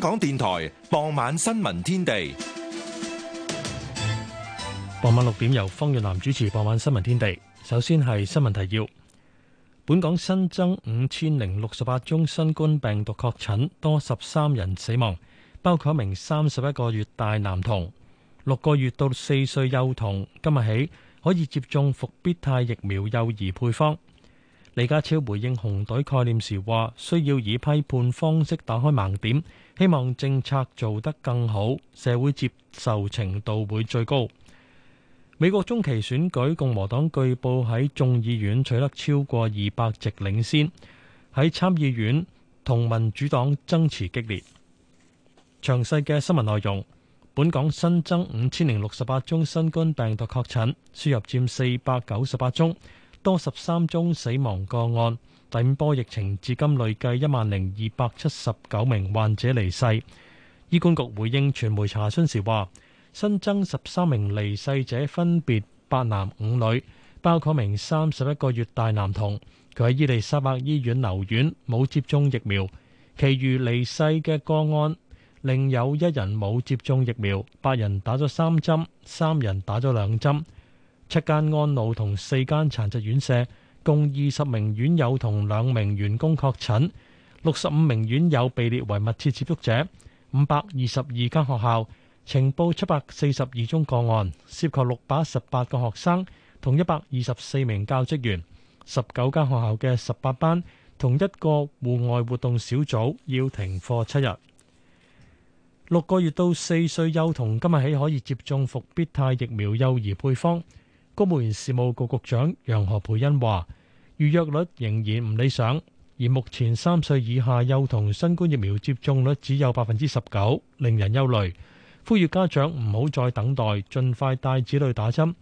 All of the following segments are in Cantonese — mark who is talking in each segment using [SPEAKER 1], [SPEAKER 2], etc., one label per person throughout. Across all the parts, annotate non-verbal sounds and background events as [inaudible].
[SPEAKER 1] 港電台傍晚新聞天地，傍晚六點由方若男主持。傍晚新聞天地，首先係新聞提要。本港新增五千零六十八宗新冠病毒確診，多十三人死亡，包括一名三十一個月大男童。六個月到四歲幼童今日起可以接種復必泰疫苗幼兒配方。李家超回應紅隊概念時話，需要以批判方式打開盲點。希望政策做得更好，社會接受程度會最高。美國中期選舉，共和黨據報喺眾議院取得超過二百席領先，喺參議院同民主黨爭持激烈。詳細嘅新聞內容，本港新增五千零六十八宗新冠病毒確診，輸入佔四百九十八宗，多十三宗死亡個案。第五波疫情至今累計一萬零二百七十九名患者離世。醫管局回應傳媒查詢時話：新增十三名離世者分別八男五女，包括名三十一個月大男童，佢喺伊利沙伯醫院留院，冇接種疫苗。其餘離世嘅個案，另有一人冇接種疫苗，八人打咗三針，三人打咗兩針，七間安老同四間殘疾院舍。共二十名院友同兩名員工確診，六十五名院友被列為密切接觸者。五百二十二間學校呈報七百四十二宗個案，涉及六百十八個學生同一百二十四名教職員。十九間學校嘅十八班同一個戶外活動小組要停課七日。六個月到四歲幼童今日起可以接種復必泰疫苗幼兒配方。公務員事務局局長楊何培恩話：預約率仍然唔理想，而目前三歲以下幼童新冠疫苗接種率只有百分之十九，令人憂慮。呼籲家長唔好再等待，盡快帶子女打針。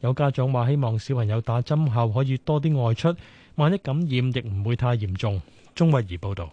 [SPEAKER 1] 有家長話：希望小朋友打針後可以多啲外出，萬一感染亦唔會太嚴重。鐘慧儀報道。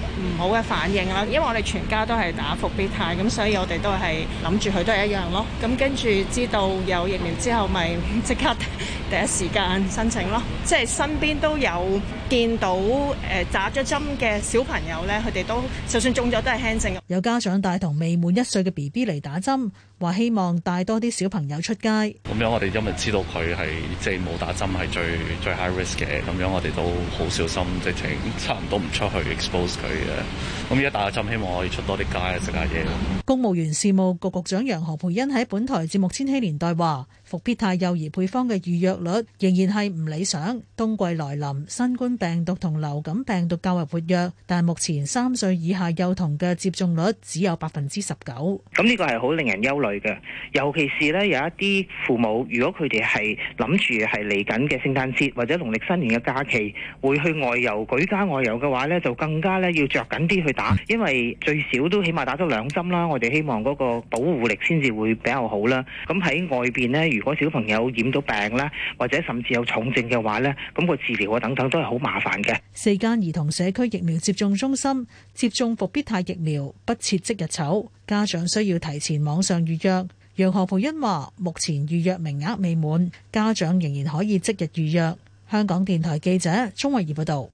[SPEAKER 2] 唔好嘅反應啦，因為我哋全家都係打復必泰，咁所以我哋都係諗住佢都係一樣咯。咁跟住知道有疫苗之後，咪即刻。 [laughs] 第一時間申請咯，即係身邊都有見到誒、呃、打咗針嘅小朋友咧，佢哋都就算中咗都係輕症。有家長帶同未滿一歲嘅 BB 嚟打針，話希望帶多啲小朋友出街。
[SPEAKER 3] 咁樣我哋因為知道佢
[SPEAKER 4] 係即係冇打針係最最 high risk 嘅，咁樣我哋都好小心，直情差
[SPEAKER 1] 唔多唔出去 expose 佢嘅。咁而家打咗針，希望可以出多啲街食下嘢。
[SPEAKER 2] 公務員事務局局長楊何培恩喺本台節目《千禧年代》話。復必泰幼兒配方嘅預約率仍然係唔理想。冬季來臨，新冠病毒同流感病毒較為活躍，但目前三歲以下幼童嘅接種率只有百分之十九。
[SPEAKER 5] 咁呢個係好令人憂慮嘅，尤其是咧有一啲父母，如果佢哋係諗住係嚟緊嘅聖誕節或者農曆新年嘅假期，會去外遊、舉家外遊嘅話咧，就更加咧要著緊啲去打，因為最少都起碼打咗兩針啦。我哋希望嗰個保護力先至會比較好啦。咁喺外邊咧，如如果小朋友染到病啦，或者甚至有重症嘅話咧，咁個治療啊等等都係好麻煩嘅。
[SPEAKER 2] 四間兒童社區疫苗接種中心接種復必泰疫苗不設即日籌，家長需要提前網上預約。楊何蓓茵話：目前預約名額未滿，家長仍然可以即日預約。香港電台記者鍾慧儀報道。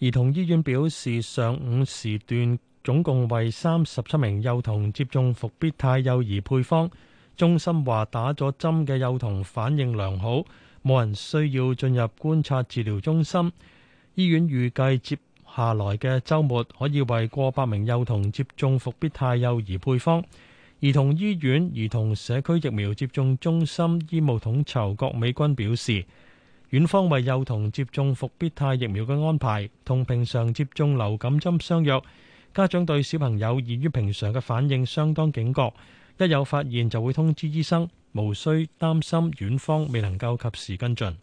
[SPEAKER 1] 兒童醫院表示，上午時段總共為三十七名幼童接種復必泰幼兒配方。中心話打咗針嘅幼童反應良好，冇人需要進入觀察治療中心。醫院預計接下來嘅週末可以為過百名幼童接種復必泰幼兒配方。兒童醫院兒童社區疫苗接種中心醫務統籌郭美君表示，院方為幼童接種復必泰疫苗嘅安排同平常接種流感針相若，家長對小朋友異於平常嘅反應相當警覺。一有發現就會通知醫生，無需擔心院方未能夠及時跟進。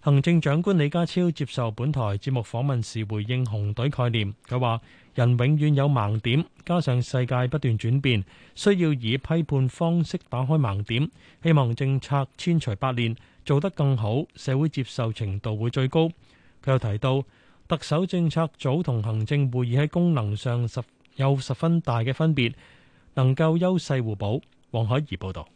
[SPEAKER 1] 行政長官李家超接受本台節目訪問時，回應紅隊概念，佢話：人永遠有盲點，加上世界不斷轉變，需要以批判方式打開盲點。希望政策千錘百煉做得更好，社會接受程度會最高。佢又提到，特首政策組同行政會議喺功能上十有十分大嘅分別。能夠優勢互補。王海怡報導。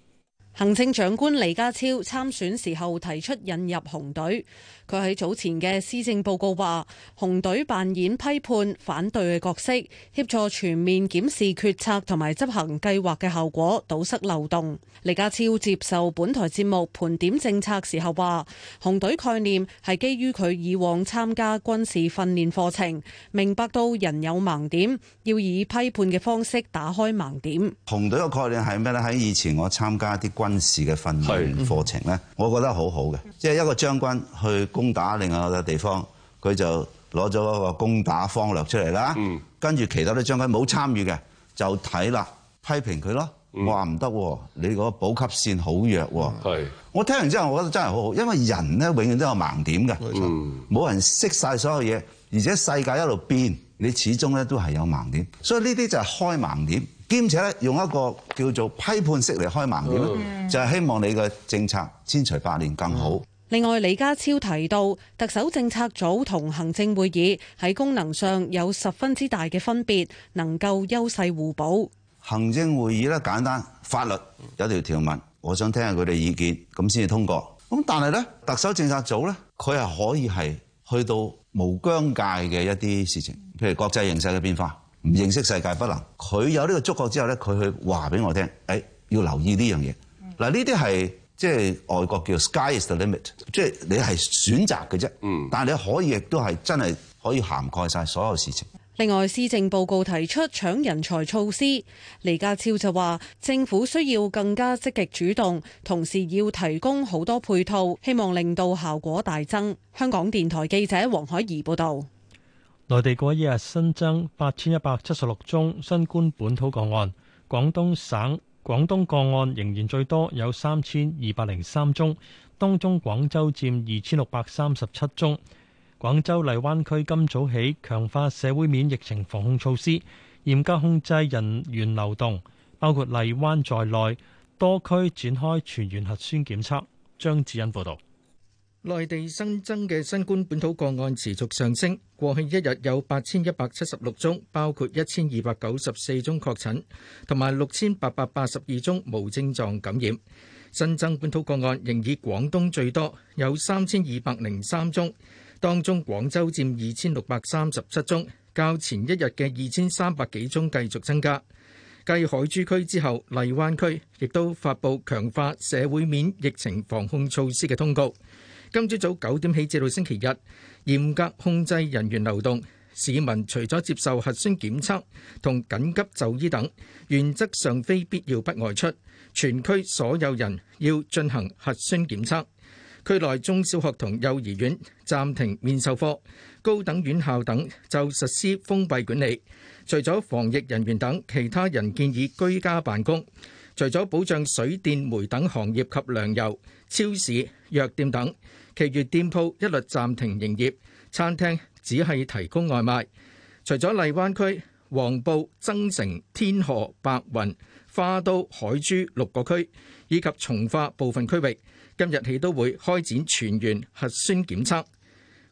[SPEAKER 6] 行政長官李家超參選時候提出引入紅隊，佢喺早前嘅施政報告話，紅隊扮演批判、反對嘅角色，協助全面檢視決策同埋執行計劃嘅效果，堵塞漏洞。李家超接受本台節目盤點政策時候話，紅隊概念係基於佢以往參加軍事訓練課程，明白到人有盲點，要以批判嘅方式打開盲點。
[SPEAKER 3] 紅隊嘅概念係咩呢？喺以前我參加啲軍軍事嘅訓練課程咧，嗯、我覺得好好嘅，即係一個將軍去攻打另外一個地方，佢就攞咗一個攻打方略出嚟啦。跟住、嗯、其他啲將軍冇參與嘅，就睇啦，批評佢咯，話唔得喎，你個補給線好弱喎、啊。是我聽完之後，我覺得真係好好，因為人咧永遠都有盲點嘅，冇、嗯、人識晒所有嘢，而且世界一路變，你始終咧都係有盲點，所以呢啲就係開盲點。兼且咧，用一個叫做批判式嚟開盲點咧，就係希望你嘅政策千錘百煉更好。
[SPEAKER 6] 另外，李家超提到，特首政策組同行政會議喺功能上有十分之大嘅分別，能夠優勢互補。
[SPEAKER 3] 行政會議咧簡單，法律有條條文，我想聽下佢哋意見，咁先至通過。咁但係咧，特首政策組咧，佢係可以係去到無疆界嘅一啲事情，譬如國際形勢嘅變化。唔認識世界不能，佢有呢個觸覺之後呢，佢去話俾我聽，誒、哎、要留意呢樣嘢。嗱，呢啲係即係外國叫 sky is the limit，即係你係選擇嘅啫。嗯，但係你可以亦都係真係可以涵蓋晒所有事情。
[SPEAKER 6] 另外，施政報告提出搶人才措施，李家超就話：政府需要更加積極主動，同時要提供好多配套，希望令到效果大增。香港電台記者黃海怡報道。
[SPEAKER 1] 內地嗰一日新增八千一百七十六宗新冠本土個案，廣東省廣東個案仍然最多，有三千二百零三宗，當中廣州佔二千六百三十七宗。廣州荔灣區今早起強化社會面疫情防控措施，嚴格控制人員流動，包括荔灣在內多區展開全員核酸檢測。張志恩報道。
[SPEAKER 5] 內地新增嘅新冠本土個案持續上升，過去一日有八千一百七十六宗，包括一千二百九十四宗確診，同埋六千八百八十二宗無症狀感染。新增本土個案仍以廣東最多，有三千二百零三宗，當中廣州占二千六百三十七宗，較前一日嘅二千三百幾宗繼續增加。繼海珠區之後，荔灣區亦都發佈強化社會面疫情防控措施嘅通告。今朝早九點起至到星期日，嚴格控制人員流動。市民除咗接受核酸檢測同緊急就醫等，原則上非必要不外出。全區所有人要進行核酸檢測。區內中小學同幼兒園暫停面授課，高等院校等就實施封閉管理。除咗防疫人員等，其他人建議居家辦公。除咗保障水電煤等行業及糧油、超市、藥店等，其餘店鋪一律暫停營業。餐廳只係提供外賣。除咗荔灣區、黃埔、增城、天河、白雲、花都、海珠六個區，以及從化部分區域，今日起都會開展全員核酸檢測。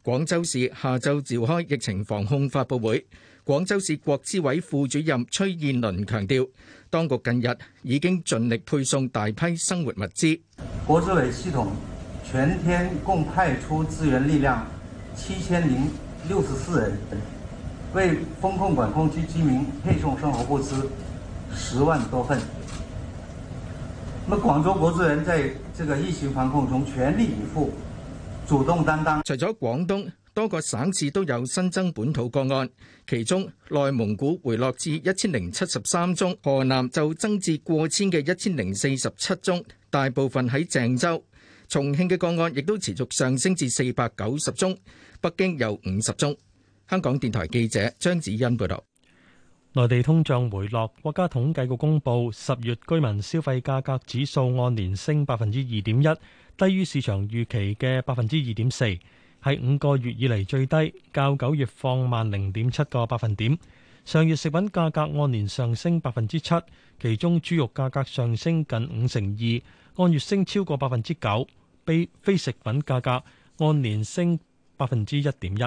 [SPEAKER 5] 廣州市下晝召開疫情防控發佈會，廣州市國資委副主任崔燕倫強調，當局近日已經盡力配送大批生活物資。
[SPEAKER 3] 國資委系統。全天共派出資源力量七千零六十四人，為封控管控區居民配送生活物資十萬多份。廣州國資人在這個疫
[SPEAKER 5] 情防控中全力以赴，主動擔當。除咗廣東，多個省市都有新增本土個案，其中內蒙古回落至一千零七十三宗，河南就增至過千嘅一千零四十七宗，大部分喺鄭州。重慶嘅個案亦都持續上升至四百九十宗，北京有五十宗。香港電台記者張子欣報道，
[SPEAKER 1] 內地通脹回落。國家統計局公布，十月居民消費價格指數按年升百分之二點一，低於市場預期嘅百分之二點四，係五個月以嚟最低，較九月放慢零點七個百分點。上月食品價格按年上升百分之七，其中豬肉價格上升近五成二，按月升超過百分之九。非非食品價格按年升百分之一點一。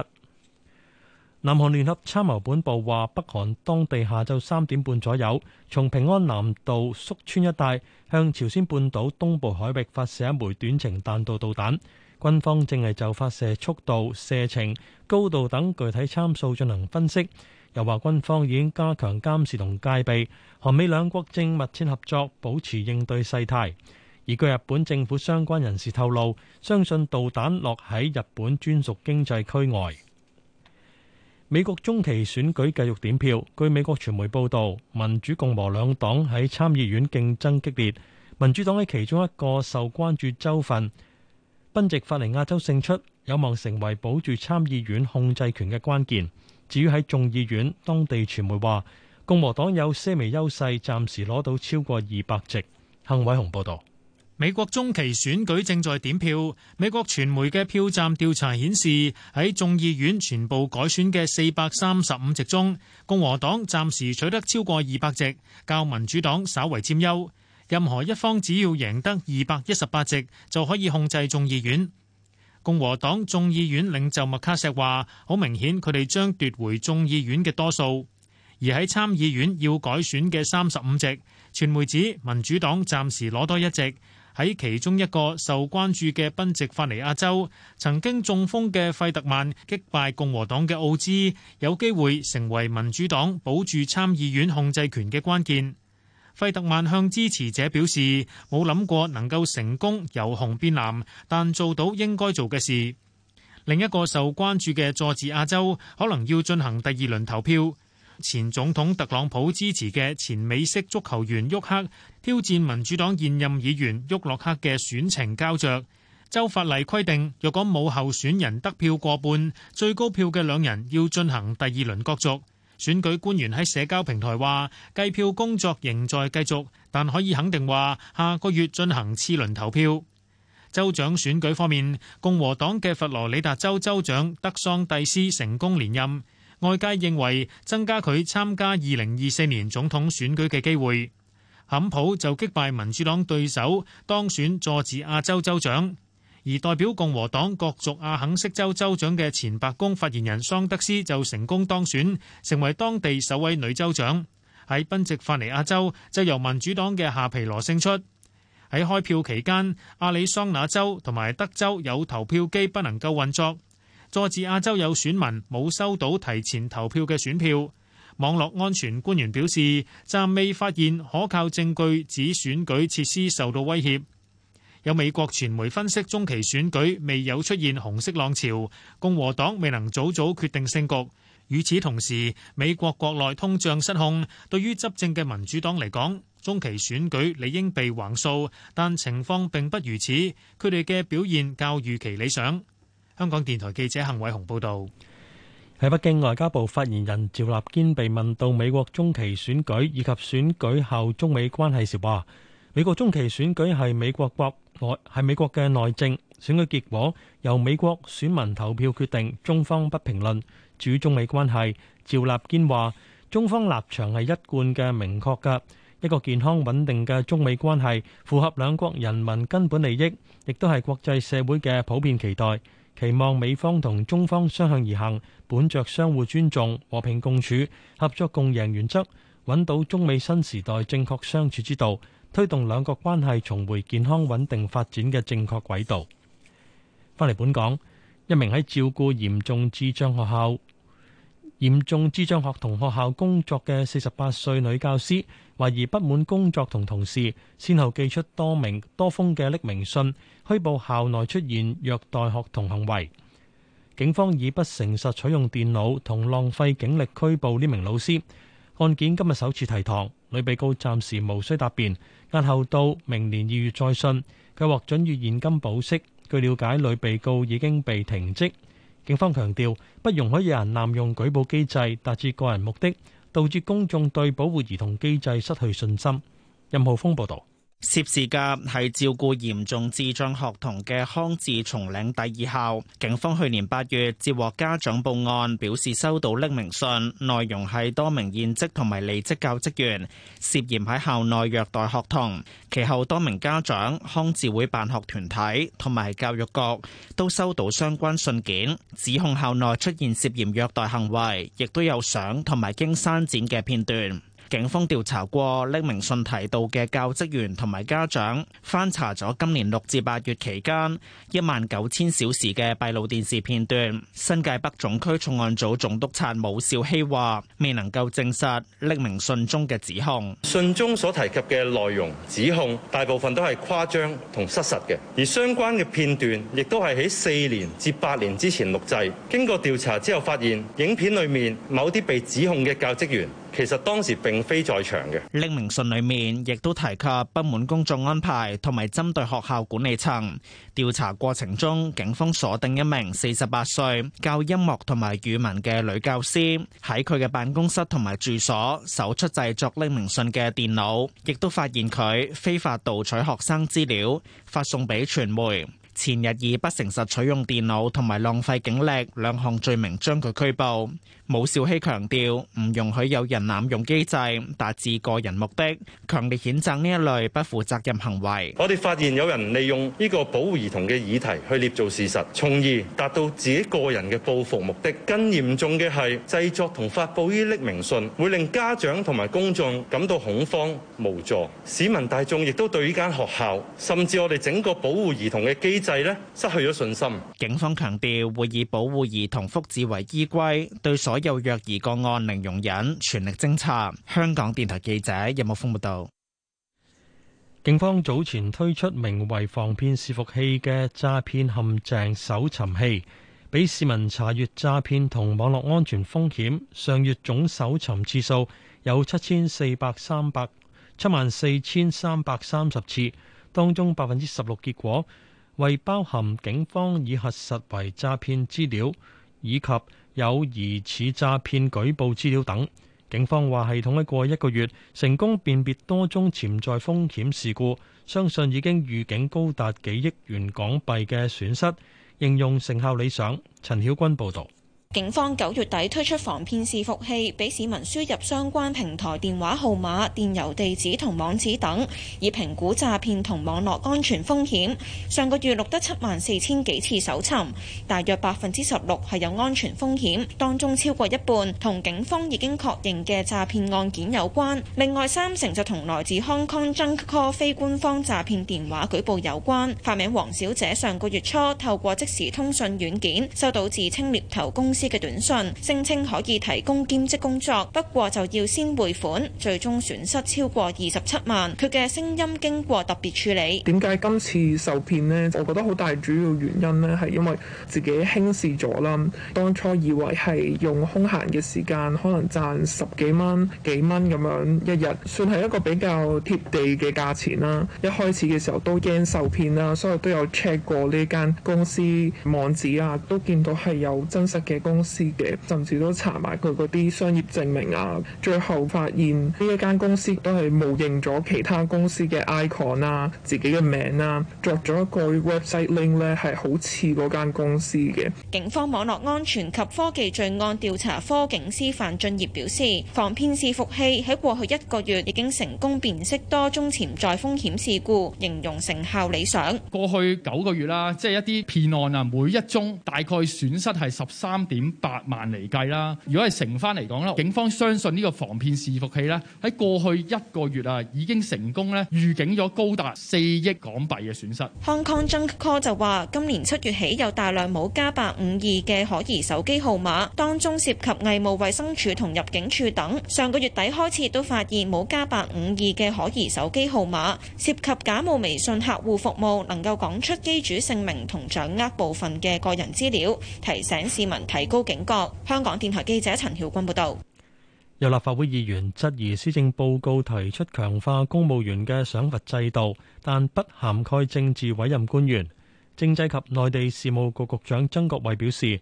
[SPEAKER 1] 南韓聯合參謀本部話，北韓當地下晝三點半左右，從平安南道宿川一帶向朝鮮半島東部海域發射一枚短程彈道導彈。軍方正係就發射速度、射程、高度等具體參數進行分析。又話軍方已經加強監視同戒備。韓美兩國正密切合作，保持應對勢態。而據日本政府相關人士透露，相信導彈落喺日本專屬經濟區外。美國中期選舉繼續點票，據美國傳媒報導，民主共和兩黨喺參議院競爭激烈。民主黨喺其中一個受關注州份賓夕法尼亞州勝出，有望成為保住參議院控制權嘅關鍵。至於喺眾議院，當地傳媒話共和黨有些微優
[SPEAKER 7] 勢，暫時攞到超過二百席。幸偉雄報導。美國中期選舉正在點票。美國傳媒嘅票站調查顯示，喺眾議院全部改選嘅四百三十五席中，共和黨暫時取得超過二百席，較民主黨稍為佔優。任何一方只要贏得二百一十八席，就可以控制眾議院。共和黨眾議院領袖麥卡錫話：好明顯佢哋將奪回眾議院嘅多數。而喺參議院要改選嘅三十五席，傳媒指民主黨暫時攞多一席。喺其中一個受關注嘅賓夕法尼亞州，曾經中風嘅費特曼擊敗共和黨嘅奧茲，有機會成為民主黨保住參議院控制權嘅關鍵。費特曼向支持者表示冇諗過能夠成功由紅變藍，但做到應該做嘅事。另一個受關注嘅佐治亞州可能要進行第二輪投票。前總統特朗普支持嘅前美式足球員沃克挑戰民主黨現任議員沃洛克嘅選情膠着。州法例規定，若果冇候選人得票過半，最高票嘅兩人要進行第二輪角逐。選舉官員喺社交平台話，計票工作仍在繼續，但可以肯定話，下個月進行次輪投票。州長選舉方面，共和黨嘅佛羅里達州州長德桑蒂斯成功連任。外界認為增加佢參加二零二四年總統選舉嘅機會。坎普就擊敗民主黨對手當選佐治亞州州長，而代表共和黨角逐亞肯色州州長嘅前白宮發言人桑德斯就成功當選，成為當地首位女州長。喺賓夕法尼亞州就由民主黨嘅夏皮羅勝出。喺開票期間，亞利桑那州同埋德州有投票機不能夠運作。佐治亞州有選民冇收到提前投票嘅選票，網絡安全官員表示，暫未發現可靠證據指選舉設施受到威脅。有美國傳媒分析中期選舉未有出現紅色浪潮，共和黨未能早早決定勝局。與此同時，美國國內通脹失控，對於執政嘅民主黨嚟講，中期選舉理應被橫掃，但情況並不如此，佢哋嘅表現較預期理想。香港電台記者幸偉雄報道，
[SPEAKER 1] 喺北京，外交部發言人趙立堅被問到美國中期選舉以及選舉後中美關係時，話美國中期選舉係美國國內係美國嘅內政，選舉結果由美國選民投票決定。中方不評論。至於中美關係，趙立堅話：中方立場係一貫嘅明確嘅，一個健康穩定嘅中美關係符合兩國人民根本利益，亦都係國際社會嘅普遍期待。期望美方同中方相向而行，本着相互尊重、和平共處、合作共贏原則，搵到中美新時代正確相處之道，推動兩國關係重回健康穩定發展嘅正確軌道。翻嚟本港，一名喺照顧嚴重智障學校。嚴重智障學童學校工作嘅四十八歲女教師，懷疑不滿工作同同事，先後寄出多名多封嘅匿名信，虛報校內出現虐待學童行為。警方以不誠實取用電腦同浪費警力拘捕呢名老師。案件今日首次提堂，女被告暫時無需答辯，押後到明年二月再訊。計劃準予現金保釋。據了解，女被告已經被停職。警方強調，不容許有人濫用舉報機制達至個人目的，導致公眾對保護兒童機制失去信心。任浩峰報導。
[SPEAKER 8] 涉事甲係照顧嚴重智障學童嘅康智松嶺第二校，警方去年八月接獲家長報案，表示收到匿名信，內容係多名現職同埋離職教職員涉嫌喺校內虐待學童。其後多名家長、康智會辦學團體同埋教育局都收到相關信件，指控校內出現涉嫌虐待行為，亦都有相同埋經刪剪嘅片段。警方調查過匿名信提到嘅教職員同埋家長，翻查咗今年六至八月期間一萬九千小時嘅閉路電視片段。新界北總區重案組總督察武少希話，未能夠證實匿名信中嘅指控，
[SPEAKER 1] 信中所提及嘅內容指控大部分都係誇張同失實嘅，而相關嘅片段亦都係喺四年至八年之前錄製。經過調查之後，發現影片裏面某啲被指控嘅教職員，其實當時並非在場嘅。
[SPEAKER 8] 匿名信裡面亦都提及不滿工作安排同埋針對學校管理層。調查過程中，警方鎖定一名四十八歲教音樂同埋語文嘅女教師，喺佢嘅辦公室同埋住所搜出製作匿名信嘅電腦，亦都發現佢非法盜取學生資料，發送俾傳媒。前日以不誠實取用電腦同埋浪費警力兩項罪名，將佢拘捕。武少熙強調唔容許有人濫用機制達至個人目的，強烈譴責呢一類不負責任行為。
[SPEAKER 1] 我哋發現有人利用呢個保護兒童嘅議題去捏造事實，從而達到自己個人嘅報復目的。更嚴重嘅係製作同發布於匿名信，會令家長同埋公眾感到恐慌無助。市民大眾亦都對呢間學校，甚至我哋整個保護兒童嘅機，制失去咗信心。
[SPEAKER 8] 警方強調會以保護兒童福祉為依歸，對所有虐兒個案零容忍，全力偵查。香港電台記者任
[SPEAKER 1] 木峰報道。警方早前推出名為防騙伺服器嘅詐騙陷阱搜尋器，俾市民查閱詐騙同網絡安全風險。上月總搜尋次數有七千四百三百七萬四千三百三十次，當中百分之十六結果。為包含警方已核實為詐騙資料，以及有疑似詐騙舉報資料等，警方話系統喺過一個月成功辨別多宗潛在風險事故，相信已經預警高達幾億元港幣嘅損失，應用成效理想。陳曉君報道。
[SPEAKER 9] 警方九月底推出防騙視伺服器，俾市民輸入相關平台電話號碼、電郵地址同網址等，以評估詐騙同網絡安全風險。上個月錄得七萬四千幾次搜尋，大約百分之十六係有安全風險，當中超過一半同警方已經確認嘅詐騙案件有關。另外三成就同來自 HKJunkCall 非官方詐騙電話舉報有關。化名黃小姐上個月初透過即時通訊軟件收到自稱獵頭公司嘅短信聲稱可以提供兼職工作，不過就要先匯款，最終損失超過二十七萬。佢嘅聲音經過特別處理。
[SPEAKER 7] 點解今次受騙呢？我覺得好大主要原因呢，係因為自己輕視咗啦。當初以為係用空閒嘅時間，可能賺十幾蚊、幾蚊咁樣一日，算係一個比較貼地嘅價錢啦。一開始嘅時候都驚受騙啦，所以我都有 check 過呢間公司網址啊，都見到係有真實嘅。公司嘅，甚至都查埋佢嗰啲商業證明啊，最後發現呢一間公司都係冒認咗其他公司嘅 icon 啊、自己嘅名啊作咗一個 website link 咧，係好似嗰間公司嘅。
[SPEAKER 9] 警方網絡安全及科技罪案調查科警司范俊業表示，防騙視伺器喺過去一個月已經成功辨識多宗潛在風險事故，形容成效理想。過去九
[SPEAKER 7] 個月啦，即係一啲騙案啊，每一宗大概損失係十三點五百萬嚟計啦，如果係乘翻嚟講啦，警方相信呢個防騙伺服器咧，喺過去一個月啊，已經成功咧預警咗高達四億港幣嘅損失。
[SPEAKER 9] Hong Kong Junk Call 就話，今年七月起有大量冇加八五二嘅可疑手機號碼，當中涉及醫務衞生署同入境處等。上個月底開始都發現冇加八五二嘅可疑手機號碼，涉及假冒微信客戶服務，能夠講出機主姓名同掌握部分嘅個人資料，提醒市民提高警覺。香港電台記者陳曉君報道，
[SPEAKER 1] 有立法會議員質疑施政報告提出強化公務員嘅賞罰制度，但不涵蓋政治委任官員。政制及內地事務局局長曾國衛表示，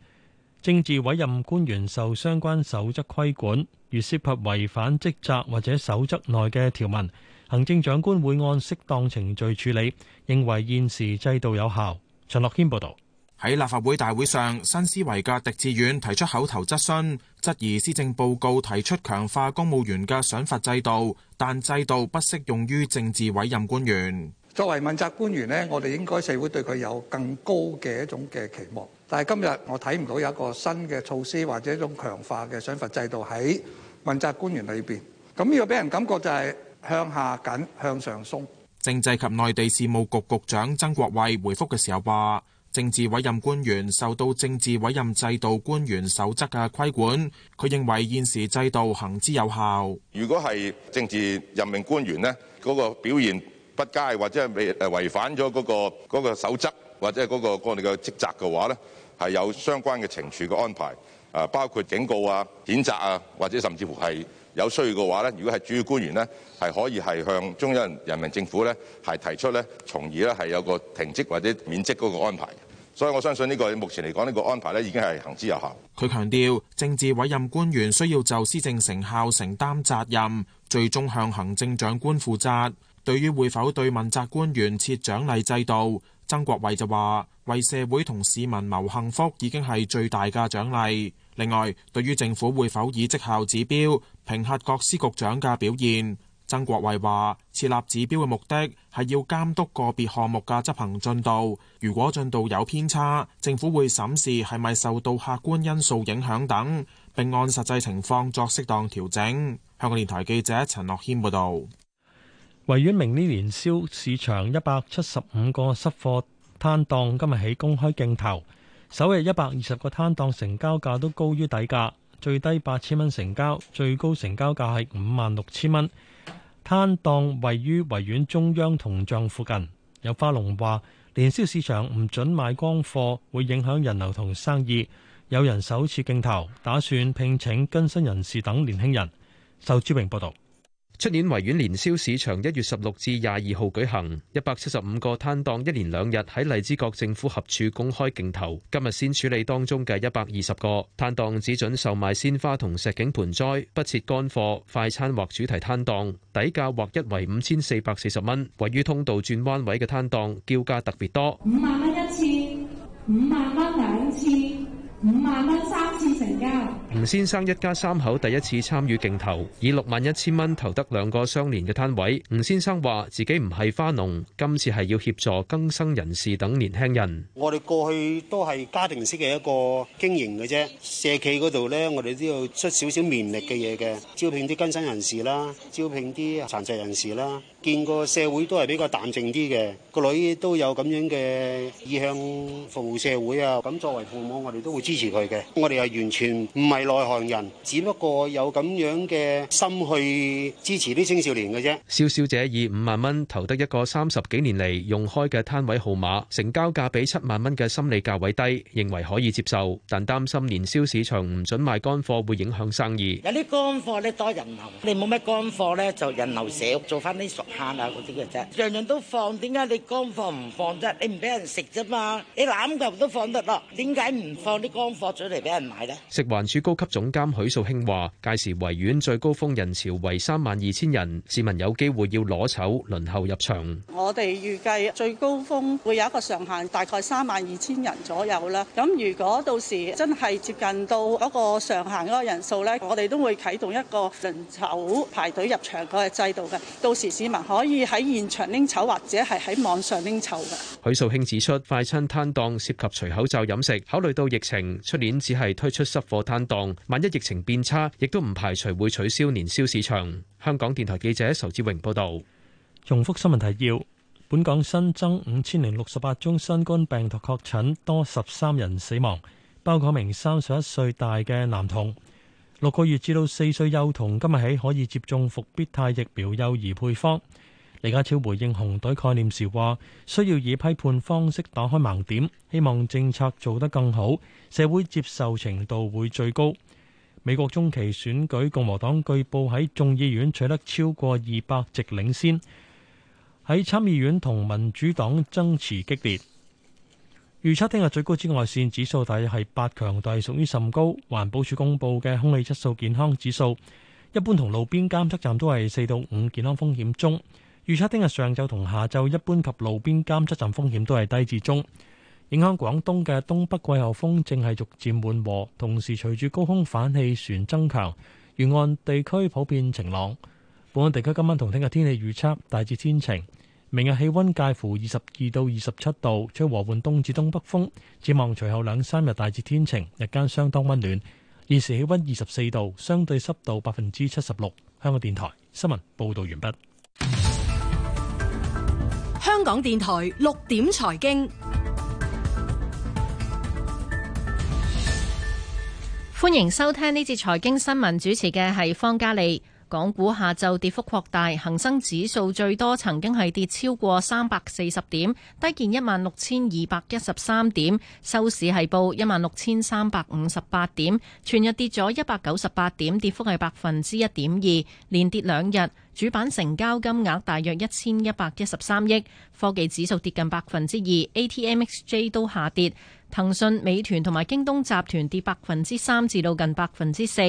[SPEAKER 1] 政治委任官員受相關守則規管，如涉及違反職責或者守則內嘅條文，行政長官會按適當程序處理，認為現時制度有
[SPEAKER 10] 效。陳樂謙報道。喺立法會大會上，新思維嘅狄志遠提出口頭質詢，質疑施政報告提出強化公務員嘅想法制度，但制度不適用於政治委任官員。
[SPEAKER 2] 作為問責官員呢我哋應該社會對佢
[SPEAKER 1] 有更高嘅一種嘅期望。但係今日我睇唔到有一個新嘅措施或者一種強化嘅想法制度喺問責官員裏邊。咁要俾人感覺就係向下緊，向上鬆。
[SPEAKER 10] 政制及內地事務局局,局長曾國衛回覆嘅時候話。政治委任官員受到政治委任制度官員守則嘅規管，佢認為現時制度行之有效。如果係政治任命官員呢，嗰個表現不佳或者係違違反咗嗰個嗰個守則或者係嗰個嗰個嘅職責嘅話，咧，係有相關嘅懲處嘅安排，啊，包括警告啊、譴責啊，或者甚至乎係。有需要嘅話，咧，如果係主要官員呢，係可以係向中央人民政府呢，係提出呢，從而呢，係有個停職或者免職嗰個安排。所以我相信呢個目前嚟講呢個安排呢，已經係行之有效。佢強調政治委任官員需要就施政成效承擔責任，最終向行政長官負責。對於會否對問責官員設獎勵制度，曾國衛就話，為社會同市民謀幸福已經係最大嘅獎勵。另外，對於政府會否以績效指標，評核各司局長嘅表現，曾國衛話：設立指標嘅目的係要監督個別項目嘅執行進度，如果進度有偏差，政府會審視係咪受到客觀因素影響等，並按實際情況作適當調整。香港電台記者陳樂謙報道。
[SPEAKER 1] 維園明年年宵市場一百七十五個濕貨攤檔今日起公開競投，首日一百二十個攤檔成交價都高於底價。最低八千蚊成交，最高成交價係五萬六千蚊。攤檔位於維園中央銅像附近。有花農話，年宵市場唔准賣光貨會影響人流同生意。有人首次競投，打
[SPEAKER 4] 算聘請更新人士等年輕人。受朱榮報道。出年維園年宵市場一月十六至廿二號舉行，一百七十五個攤檔一連兩日喺荔枝角政府合署公開競投。今日先處理當中嘅一百二十個攤檔，攤檔只准售賣鮮花同石景盆栽，不設干貨、快餐或主題攤檔，底價或一為五千四百四十蚊。位於通道轉彎位嘅攤檔，叫價特別多，
[SPEAKER 3] 五萬蚊一次，五萬蚊兩次，五萬蚊三。
[SPEAKER 4] 吳先生一家三口第一次參與競投，以六萬一千蚊投得兩個相連嘅攤位。吳先生話：自己唔係花農，今次係要協助更生人士等年輕人。
[SPEAKER 3] 我哋過去都係家庭式嘅一個經營嘅啫，社企嗰度呢，我哋都要出少少綿力嘅嘢嘅，招聘啲更生人士啦，招聘啲殘疾人士啦。見個社會都係比較淡靜啲嘅，個女都有咁樣嘅意向服務社會啊！咁作為父母，我哋都會支持佢嘅。我哋係完全唔係內行人，只不過有咁樣嘅心去支持啲青少年嘅啫。
[SPEAKER 4] 蕭小姐以五萬蚊投得一個三十幾年嚟用開嘅攤位號碼，成交價比七萬蚊嘅心理價位低，認為可以接受，但擔心年宵市場唔准賣乾貨會影響生意。
[SPEAKER 8] 有啲乾貨咧多人流，你冇咩乾貨咧就人流少，
[SPEAKER 4] 做翻啲熟。慳啊嗰啲嘅啫，樣樣都放，點解你乾貨唔放啫？你唔俾人食
[SPEAKER 8] 啫嘛？你攬夠都放得啦，點解唔放啲乾貨出嚟俾人買咧？
[SPEAKER 4] 食環署高級總監許素卿話：屆時維園最高峰人潮為三萬二千人，市民有機會要攞籌輪候入場。
[SPEAKER 2] 我哋預計最高峰會有一個上限，大概三萬二千人左右啦。咁如果到時真係接近到嗰個上限嗰個人數咧，我哋都會啟動一個輪候排隊入場嘅制度嘅。到時市民可以喺現場拎籌，或者係喺網上拎籌
[SPEAKER 4] 嘅。許素卿指出，快餐攤檔涉及除口罩飲食，考慮到疫情，出年只係推出濕貨攤檔。萬一疫情變差，亦都唔排除會取消年宵市場。香港電台記者仇志榮報道，用復新聞提要：
[SPEAKER 1] 本港新增五千零六十八宗新冠病毒確診，多十三人死亡，包括一名三十一歲大嘅男童。六個月至到四歲幼童今日起可以接種復必泰疫苗幼兒配方。李家超回應紅隊概念時話，需要以批判方式打開盲點，希望政策做得更好，社會接受程度會最高。美國中期選舉共和黨據報喺眾議院取得超過二百席領先，喺參議院同民主黨爭持激烈。預測聽日最高紫外線指數大約係八，強度屬於甚高。環保署公布嘅空氣質素健康指數，一般同路邊監測站都係四到五，健康風險中。預測聽日上晝同下晝一般及路邊監測站風險都係低至中。影響廣東嘅東北季候風正係逐漸緩和，同時隨住高空反氣旋增強，沿岸地區普遍晴朗。本港地區今晚同聽日天氣預測大致天晴。明日氣溫介乎二十二到二十七度，吹和緩東至東北風。展望隨後兩三日大致天晴，日間相當溫暖。現時氣溫二十四度，相對濕度百分之七十六。香港電台新聞報道完畢。
[SPEAKER 11] 香港電台六點財經，歡迎收聽呢節財經新聞，主持嘅係方嘉利。港股下晝跌幅擴大，恒生指數最多曾經係跌超過三百四十點，低見一萬六千二百一十三點，收市係報一萬六千三百五十八點，全日跌咗一百九十八點，跌幅係百分之一點二，連跌兩日。主板成交金額大約一千一百一十三億，科技指數跌近百分之二，ATMXJ 都下跌，騰訊、美團同埋京東集團跌百分之三至到近百分之四。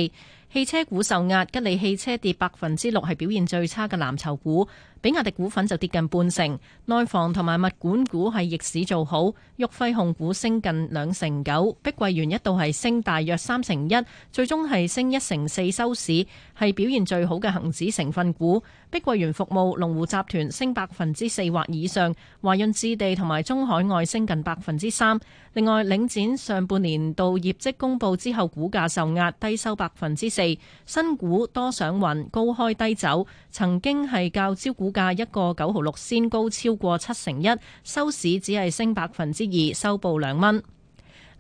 [SPEAKER 11] 汽車股受壓，吉利汽車跌百分之六，係表現最差嘅藍籌股。比亞迪股份就跌近半成，內房同埋物管股係逆市做好。旭輝控股升近兩成九，碧桂園一度係升大約三成一，最終係升一成四收市，係表現最好嘅恒指成分股。碧桂園服務、龍湖集團升百分之四或以上，華潤置地同埋中海外升近百分之三。另外，領展上半年度業績公佈之後，股價受壓，低收百分之四。新股多上雲，高開低走，曾經係較招股價一個九毫六仙高超過七成一，收市只係升百分之二，收報兩蚊。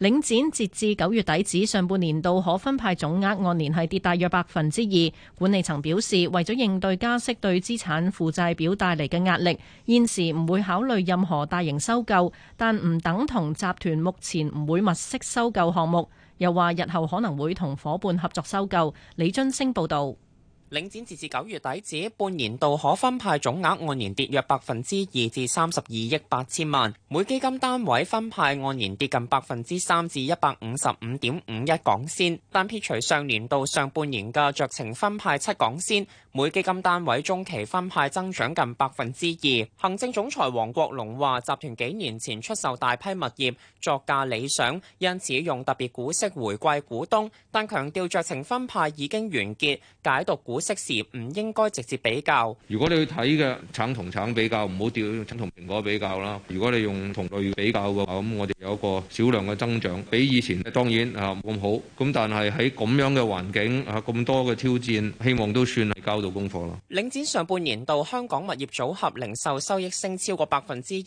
[SPEAKER 11] 領展截至九月底止上半年度可分派總額按年係跌大約百分之二，管理層表示為咗應對加息對資產負債表帶嚟嘅壓力，現時唔會考慮任何大型收購，但唔等同集團目前唔會物色收購項目。又話日後可能會同伙伴合作收購。李津升報導。
[SPEAKER 12] 領展截至九月底止，半年度可分派總額按年跌約百分之二至三十二億八千萬，每基金單位分派按年跌近百分之三至一百五十五點五一港仙。但撇除上年度上半年嘅酌情分派七港仙，每基金單位中期分派增長近百分之二。行政總裁王國龍話：集團幾年前出售大批物業作價理想，因此用特別股息回饋股東，但強調酌情分派已經完結。解讀股。適時唔應該直接比較。
[SPEAKER 4] 如果你去睇嘅橙同橙比較，唔好掉橙同蘋果比較啦。如果你用同類比較嘅話，咁我哋有一個少量嘅增長，比以前當然啊冇咁好。咁但係喺咁樣嘅環境啊，咁多嘅挑戰，希望都算係交到功課啦。
[SPEAKER 12] 領展上半年度香港物業組合零售收，收益升超過百分之一，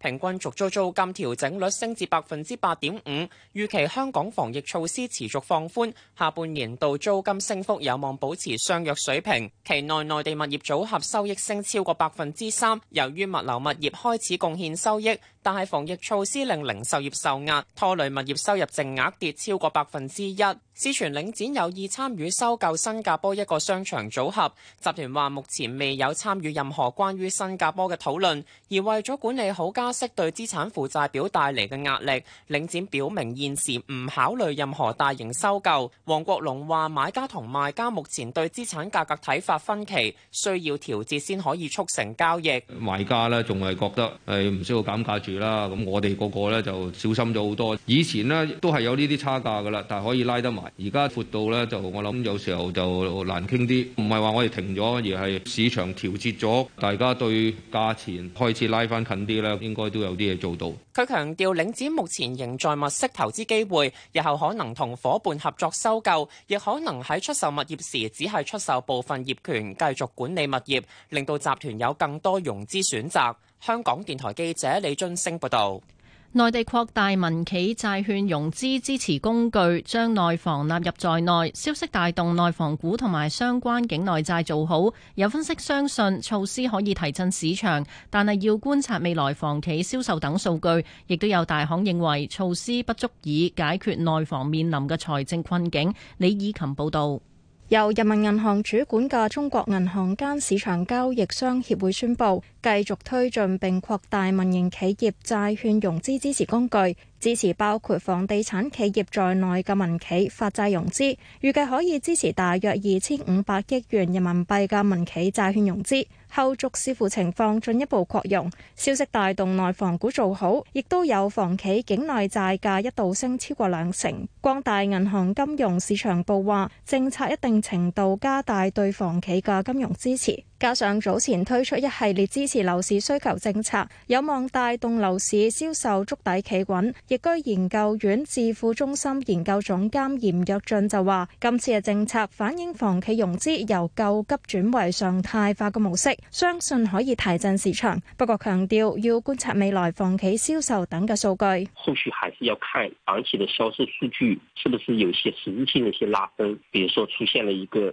[SPEAKER 12] 平均續租租金調整率升至百分之八點五。預期香港防疫措施持續放寬，下半年度租金升幅有望保持相若。水平，期內內地物業組合收益升超過百分之三，由於物流物業開始貢獻收益，但係防疫措施令零售業受壓，拖累物業收入淨額跌超過百分之一。之前領展有意參與收購新加坡一個商場組合，集團話目前未有參與任何關於新加坡嘅討論，而為咗管理好加息對資產負債表帶嚟嘅壓力，領展表明現時唔考慮任何大型收購。王國龍話：買家同賣家目前對資產價格睇法分歧，需要調節先可以促成交易。
[SPEAKER 4] 賣家呢仲係覺得係唔需要減價住啦，咁我哋個個呢就小心咗好多。以前呢都係有呢啲差價㗎啦，但係可以拉得埋。而家闊度咧，就我諗有時候就難傾啲，唔係話我哋停咗，而係市場調節咗，大家對價錢開始拉翻近啲咧，應該都有啲嘢做到。
[SPEAKER 12] 佢強調，領展目前仍在物色投資機會，日後可能同伙伴合作收購，亦可能喺出售物業時只係出售部分業權，繼續管理物業，令到集團有更多融資選擇。香港電台記者李俊星報道。
[SPEAKER 11] 內地擴大民企債券融資支持工具，將內房納入在內。消息帶動內房股同埋相關境內債做好。有分析相信措施可以提振市場，但係要觀察未來房企銷售等數據。亦都有大行認為措施不足以解決內房面臨嘅財政困境。李以琴報道。
[SPEAKER 13] 由人民銀行主管嘅中國銀行間市場交易商協會宣布，繼續推進並擴大民營企業債券融資支持工具。支持包括房地產企業在內嘅民企發債融資，預計可以支持大約二千五百億元人民幣嘅民企債券融資，後續視乎情況進一步擴容。消息帶動內房股做好，亦都有房企境內債價一度升超過兩成。光大銀行金融市場部話，政策一定程度加大對房企嘅金融支持。加上早前推出一系列支持樓市需求政策，有望帶動樓市銷售築底企穩。易居研究院智庫中心研究總監嚴躍進就話今次嘅政策反映房企融資由救急轉為常態化嘅模式，相信可以提振市場。不過強調要觀察未來房企銷售等嘅數據，
[SPEAKER 12] 後續還是要看房企嘅銷售數據，是不是有些實質性嘅一些拉昇，比如說出現了一個。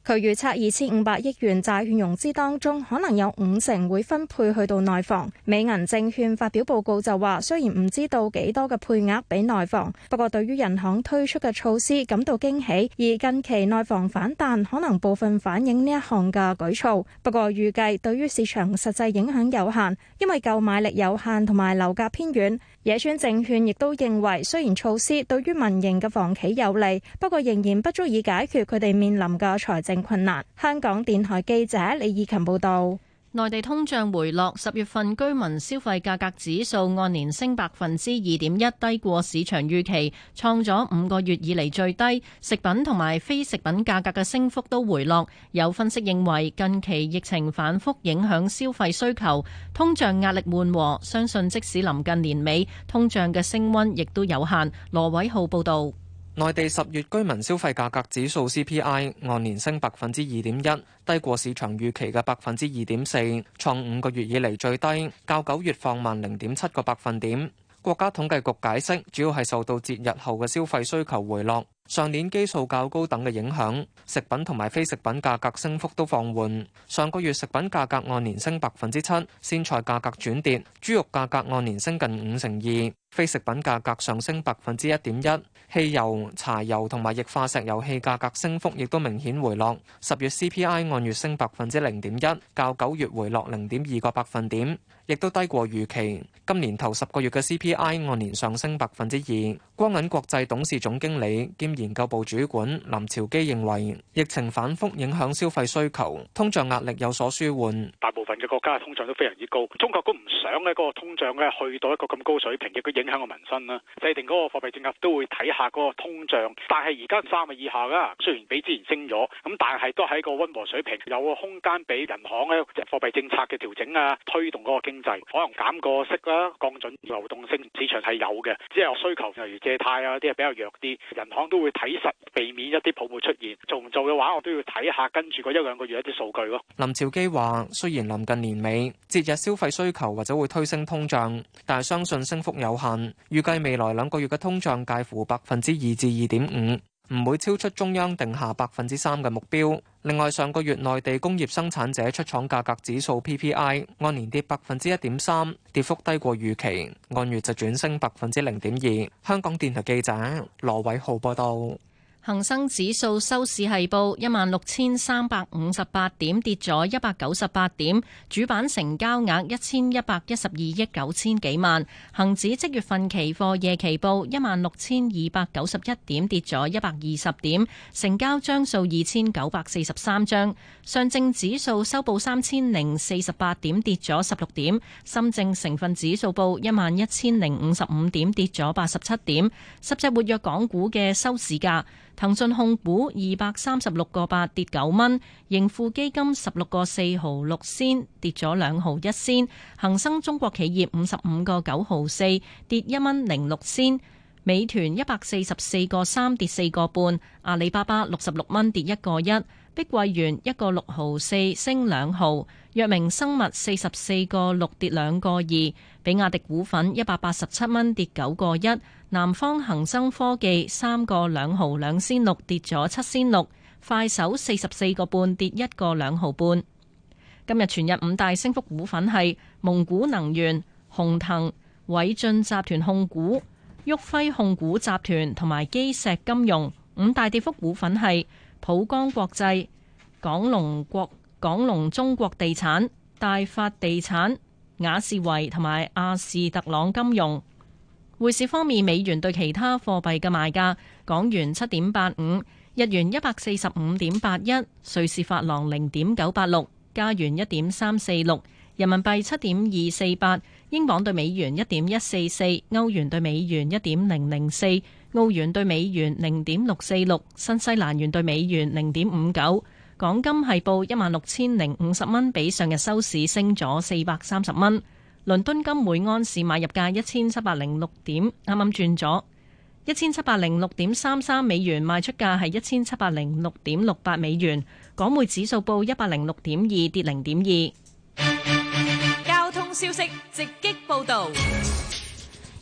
[SPEAKER 13] 佢預測二千五百億元債券融資當中，可能有五成會分配去到內房。美銀證券發表報告就話，雖然唔知道幾多嘅配額俾內房，不過對於人行推出嘅措施感到驚喜，而近期內房反彈可能部分反映呢一項嘅舉措。不過預計對於市場實際影響有限，因為購買力有限同埋樓價偏軟。野村證券亦都認為，雖然措施對於民營嘅房企有利，不過仍然不足以解決佢哋面臨嘅財政困難。香港電台記者李以勤報道。
[SPEAKER 11] 內地通脹回落，十月份居民消費價格指數按年升百分之二點一，低過市場預期，創咗五個月以嚟最低。食品同埋非食品價格嘅升幅都回落，有分析認為近期疫情反覆影響消費需求，通脹壓力緩和，相信即使臨近年尾，通脹嘅升溫亦都有限。羅偉浩報道。
[SPEAKER 14] 內地十月居民消費價格指數 CPI 按年升百分之二點一，低過市場預期嘅百分之二點四，創五個月以嚟最低，較九月放慢零點七個百分點。國家統計局解釋，主要係受到節日後嘅消費需求回落、上年基數較高等嘅影響。食品同埋非食品價格升幅都放緩。上個月食品價格按年升百分之七，鮮菜價格轉跌，豬肉價格按年升近五成二，非食品價格上升百分之一點一。汽油、柴油同埋液化石油氣價格升幅亦都明顯回落。十月 CPI 按月升百分之零點一，較九月回落零點二個百分點，亦都低過預期。今年頭十個月嘅 CPI 按年上升百分之二。光銀國際董事總經理兼研究部主管林朝基認為，疫情反覆影響消費需求，通脹壓力有所舒緩。
[SPEAKER 1] 大部分嘅國家嘅通脹都非常之高，中國都唔想呢個通脹咧去到一個咁高水平，亦都影響個民生啦。制定嗰個貨幣政策都會睇下。個通脹，但係而家三個以下啦。雖然比之前升咗，咁但係都係個溫和水平，有個空間俾銀行咧貨幣政策嘅調整啊，推動嗰個經濟。可能減個息啦，降準流動性市場係有嘅。只係我需求例如借貸啊啲係比較弱啲，銀行都會睇實避免一啲泡沫出現。做唔做嘅話，我都要睇下跟住嗰一兩個月一啲數據咯。
[SPEAKER 14] 林兆基話：雖然臨近年尾節日消費需求或者會推升通脹，但係相信升幅有限，預計未來兩個月嘅通脹介乎百。百分之二至二點五，唔會超出中央定下百分之三嘅目標。另外，上個月內地工業生產者出廠價格指數 PPI 按年跌百分之一點三，跌幅低過預期，按月就轉升百分之零點二。香港電台記者羅偉浩報道。
[SPEAKER 11] 恒生指數收市係報一萬六千三百五十八點，跌咗一百九十八點。主板成交額一千一百一十二億九千幾萬。恒指即月份期貨夜期報一萬六千二百九十一點，跌咗一百二十點，成交張數二千九百四十三張。上證指數收報三千零四十八點，跌咗十六點。深證成分指數報一萬一千零五十五點，跌咗八十七點。十隻活躍港股嘅收市價。騰訊控股二百三十六個八跌九蚊，盈富基金十六個四毫六仙跌咗兩毫一仙，恒生中國企業五十五個九毫四跌一蚊零六仙，美團一百四十四個三跌四個半，阿里巴巴六十六蚊跌一個一，碧桂園一個六毫四升兩毫，藥明生物四十四個六跌兩個二。比亞迪股份一百八十七蚊跌九個一，南方恒生科技三個兩毫兩仙六跌咗七仙六，快手四十四個半跌一個兩毫半。今日全日五大升幅股份係蒙古能源、鴻騰、偉進集團控股、旭輝控股集團同埋基石金融。五大跌幅股份係浦江國際、港龍國、港龍中國地產、大發地產。雅士維同埋亞士特朗金融。匯市方面，美元對其他貨幣嘅賣價：港元七點八五，日元一百四十五點八一，瑞士法郎零點九八六，加元一點三四六，人民幣七點二四八，英鎊對美元一點一四四，歐元對美元一點零零四，澳元對美元零點六四六，新西蘭元對美元零點五九。港金係報一萬六千零五十蚊，比上日收市升咗四百三十蚊。倫敦金每安士買入價一千七百零六點，啱啱轉咗一千七百零六點三三美元，賣出價係一千七百零六點六八美元。港匯指數報一百零六點二，跌零點二。交通消息直擊報道。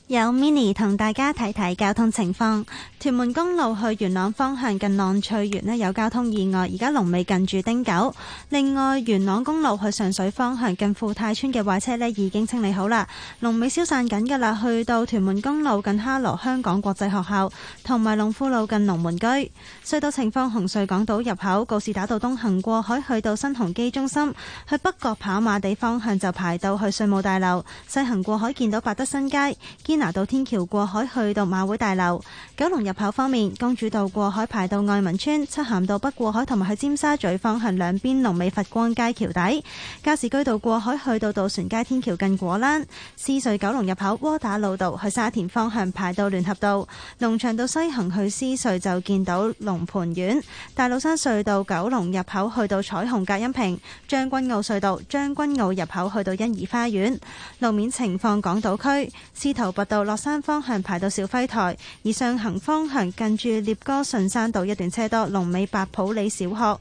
[SPEAKER 15] 有 mini 同大家睇睇交通情況，屯門公路去元朗方向近浪翠園咧有交通意外，而家龍尾近住丁九。另外，元朗公路去上水方向近富泰村嘅壞車咧已經清理好啦，龍尾消散緊噶啦。去到屯門公路近哈羅香港國際學校同埋龍富路近龍門居隧道情況，紅隧港島入口告士打道東行過海去到新鴻基中心，去北角跑馬地方向就排到去稅務大樓，西行過海見到百德新街見。拿到天橋過海去到馬會大樓，九龍入口方面，公主道過海排到愛民村，漆咸道北過海同埋去尖沙咀方向兩邊龍尾佛光街橋底，加士居道過海去到渡船街天橋近果欄，獅隧九龍入口窩打老道去沙田方向排到聯合道，農場道西行去獅隧就見到龍蟠苑，大老山隧道九龍入口去到彩虹隔音屏，將軍澳隧道將軍澳入口去到欣怡花園，路面情況港島區司徒拔到落山方向排到小輝台，而上行方向近住獵哥順山道一段車多，龍尾白普里小學。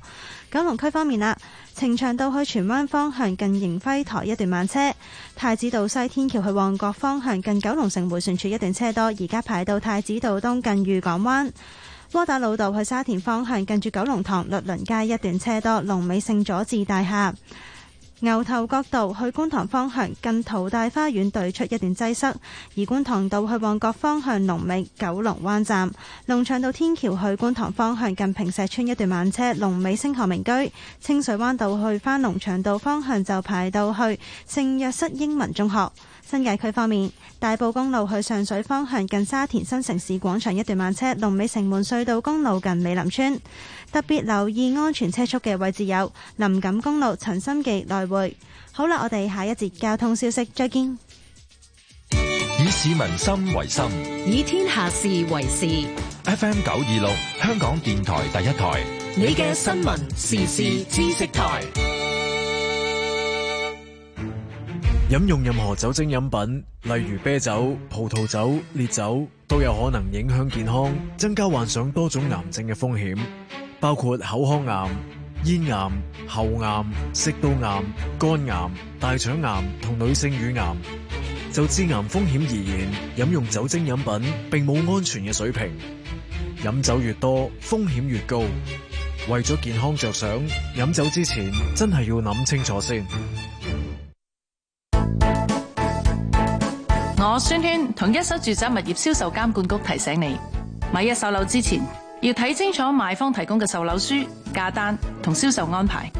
[SPEAKER 15] 九龍區方面啦，呈祥道去荃灣方向近盈輝台一段慢車，太子道西天橋去旺角方向近九龍城迴旋處一段車多，而家排到太子道東近御港灣，窩打老道去沙田方向近住九龍塘律倫街一段車多，龍尾聖佐治大廈。牛頭角道去觀塘方向近淘大花園對出一段擠塞，而觀塘道去旺角方向龍尾九龍灣站，龍翔道天橋去觀塘方向近平石村一段慢車，龍尾星河名居，清水灣道去返龍翔道方向就排到去聖若瑟英文中學。新界區方面，大埔公路去上水方向近沙田新城市廣場一段慢車，龍尾城門隧道公路近美林村。特別留意安全車速嘅位置有林錦公路、陳心記來回。好啦，我哋下一節交通消息再見。
[SPEAKER 1] 以市民心為心，
[SPEAKER 15] 以天下事為
[SPEAKER 12] 事。
[SPEAKER 4] F M 九二六，香港電台第一台，
[SPEAKER 12] 你嘅新聞時
[SPEAKER 10] 事知識台。
[SPEAKER 4] 飲用任何酒精飲品，例如啤酒、葡萄酒、烈酒，都有可能影響健康，增加患上多種癌症嘅風險。包括口腔癌、咽癌、喉癌、食道癌、肝癌、大腸癌同女性乳癌。就致癌風險而言，飲用酒精飲品並冇安全嘅水平，飲酒越多風險越高。為咗健康着想，飲酒之前真係要諗清楚先。
[SPEAKER 11] 我宣宣同一手住宅物業銷售監管局提醒你，買一手樓之前，要睇清楚賣方提供嘅售樓書、價單同銷售安排，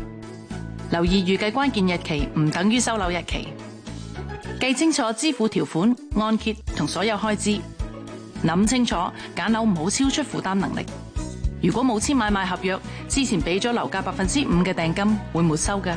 [SPEAKER 11] 留意預計關鍵日期唔等於收樓日期，記清楚支付條款、按揭同所有開支，諗清楚揀樓唔好超出負擔能力。如果冇簽買賣合約，之前俾咗樓價百分之五嘅訂金會沒收嘅。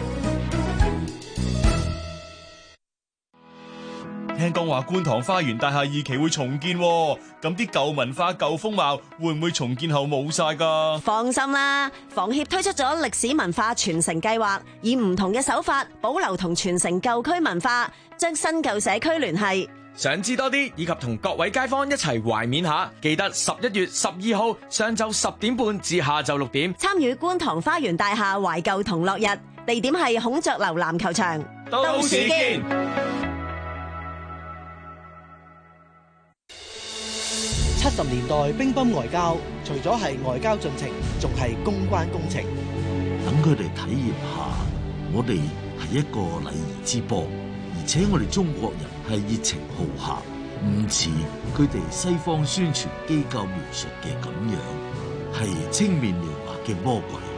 [SPEAKER 4] 聽講話觀塘花園大廈二期會重建，咁啲舊文化舊風貌會唔會重建後冇晒？噶放心啦，房協推出咗歷史文化傳承計劃，以唔同嘅手法保留同傳承舊區文化，將新舊社區聯繫。想知多啲，以及同各位街坊一齊懷緬下，記得十一月十二號上晝十點半至下晝六點，參與觀塘花園大廈懷舊同樂日，地點係孔雀樓籃球場。到時見。七十年
[SPEAKER 8] 代乒乓外交，除咗係外交進程，仲係公關工程。
[SPEAKER 3] 等佢哋體驗下，我哋係一個禮儀之邦，而且我哋中國人係熱情好客，唔似佢哋西方宣傳機構描述嘅咁樣，係青面獠牙嘅魔鬼。